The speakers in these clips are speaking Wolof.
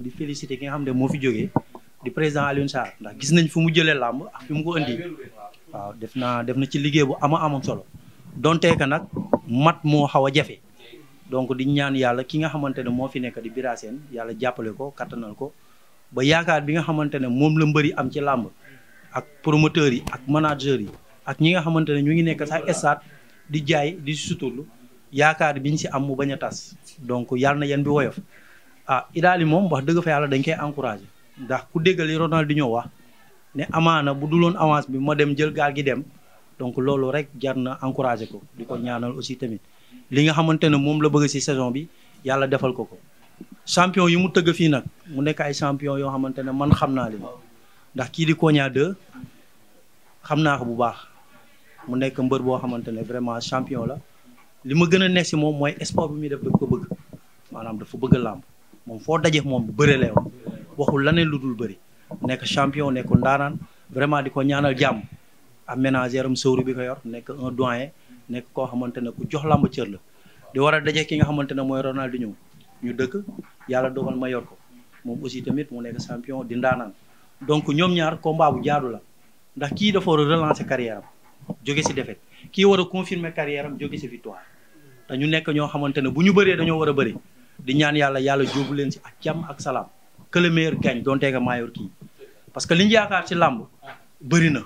di félicité ki nga xam ne moo fi jógee di président Alioune Sarr ndax gis nañ fu mu jëlee làmb ak fi mu ko indi waaw def naa def na ci liggéey bu ama amam solo donte que nag mat moo xaw a jafe donc di ñaan yàlla ki nga xamante ne moo fi nekk di biraseen yàlla jàppale ko kattanal ko ba yaakaar bi nga xamante ne moom la yi am ci làmb ak promoteurs yi ak managers yi ak ñi nga xamante ne ñu ngi nekk sax stade di jaay di suturlu yaakaar biñ si am mu bañ a tas donc yàlla na yéen ah Idaly moom wax dëgg fa yàlla dañ koy encouragé ndax ku déggal di Ronaldinho wax ne amaana bu duloon avance bi ma dem jël gaal gi dem donc loolu rek jar na encouragé ko di ko ñaanal aussi tamit li nga xamante ne moom la bëgg si saison bi yàlla defal ko ko. champion yi mu tëgg fii nag mu nekk ay champion yoo xamante ne man xam naa leen ndax kii di Konia 2 xam naa ko bu baax mu nekk mbër boo xamante ne vraiment champion la li ma gën a nekk ci moom mooy sport bi muy def ko bëgg maanaam dafa bëgg làmb moom foo daje moom bëre lay wax waxul laneen lu dul bëri nekk champion nekk ndaanaan vraiment di ko ñaanal jàmm am ménagère am sëwru bi ko yor nekk un doyen nekk koo xamante ne ku jox làmb cër la di war a daje ki nga xamante ne mooy Ronaldinho ñu dëkk yàlla dogal ma ko moom aussi tamit mu nekk champion di ndaanaan donc ñoom ñaar combat bu jaadu la ndax kii dafa war a relancer carrière jóge si défaite kii war a confirmer carrière am jóge si victoire te nekk ñoo xamante ne bu ñu bëree dañoo war a bëri di ñaan yàlla yàlla jóobu leen si ak jàmm ak salaam que le meilleur gagne donte que kii parce que li ñu yaakaar ci làmb bëri na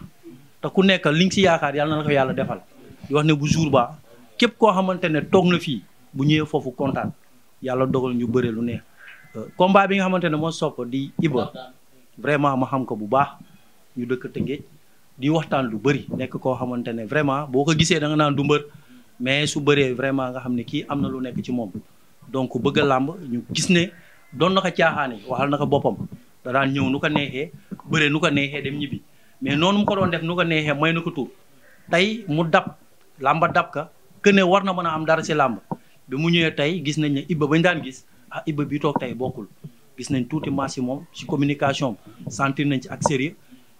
te ku nekk li nga yaakaar yàlla na la ko yàlla defal di bu jour ba képp koo xamante ne toog na fii bu ñëwee foofu kontaan yàlla dogal ñu bëre lu neex euh, combat bi nga xamante ne moo sopp di Iba vraiment ma xam ko bu baax ñu dëkk Tëngéej di waxtaan lu bëri nekk koo xamante ne vraiment boo ko gisee da nga naan du mbër mais su bëree vraiment nga xam ne kii am na lu nekk ci moom donc bëgg làmb ñu gis ne doon na ko caaxaane waxal na ko boppam da daan ñëw nu ko neexee bëre nu ko neexee dem ñibbi mais noonu mu ko doon def nu ko neexee may na ko tur tey mu dab làmba dab ka que ne war na mën a am dara si làmb bi mu ñëwee tey gis nañ ne Ibba bañ daan gis ah Ibba bi toog tey bokkul gis nañ tuuti maasi moom si communication sentir nañ ci ak sérieux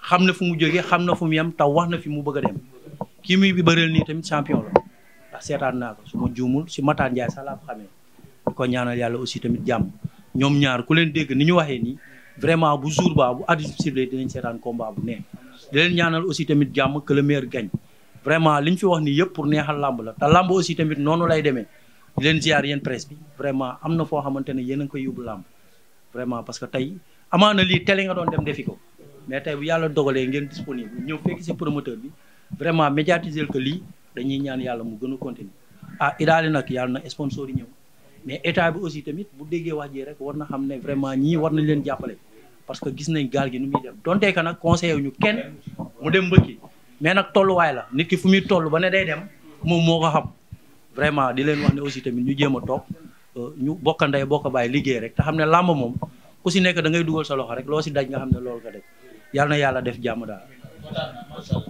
xam na fu mu jógee xam na fu mu yem taw wax na fi mu bëgg dem kii muy bi bëreel nii tamit champion la ah, seetaan naa ko su juumul si Matar Ndiaye sax laa ko ñaanal yàlla aussi tamit jàmm ñoom ñaar ku leen dégg ni ñu waxee nii vraiment bu jour ba bu arbitre bi sifflé dinañ seetaan combat bu neex di leen ñaanal aussi tamit jàmm que le vraiment li fi wax nii yëpp pour neexal làmb la te làmb aussi tamit noonu lay demee di leen ziar yéen presse bi vraiment am na foo xamante ne yéen a làmb vraiment parce que tey amaana lii télé nga doon dem defi ko mais bu yàlla dogalee ngeen disponible ñëw fekk si a mais état bi aussi tamit bu déggee wax ji rek war na xam ne vraiment ñii war nañ leen jàppale parce que gis nañ gaal gi nu muy dem donte nag conseillé ñu kenn mu dem mbëkki mais nag tolluwaay la nit ki fu muy toll ba ne day dem moom moo ko xam vraiment di leen wax ne aussi tamit ñu jéem a toog euh, ñu bokk ndey bokk bàyyi liggéey rek te xam ne làmb moom ku si nekk da ngay dugal sa loxo rek loo si daj nga xam ne loolu ko def yàlla na yàlla def jàmm daal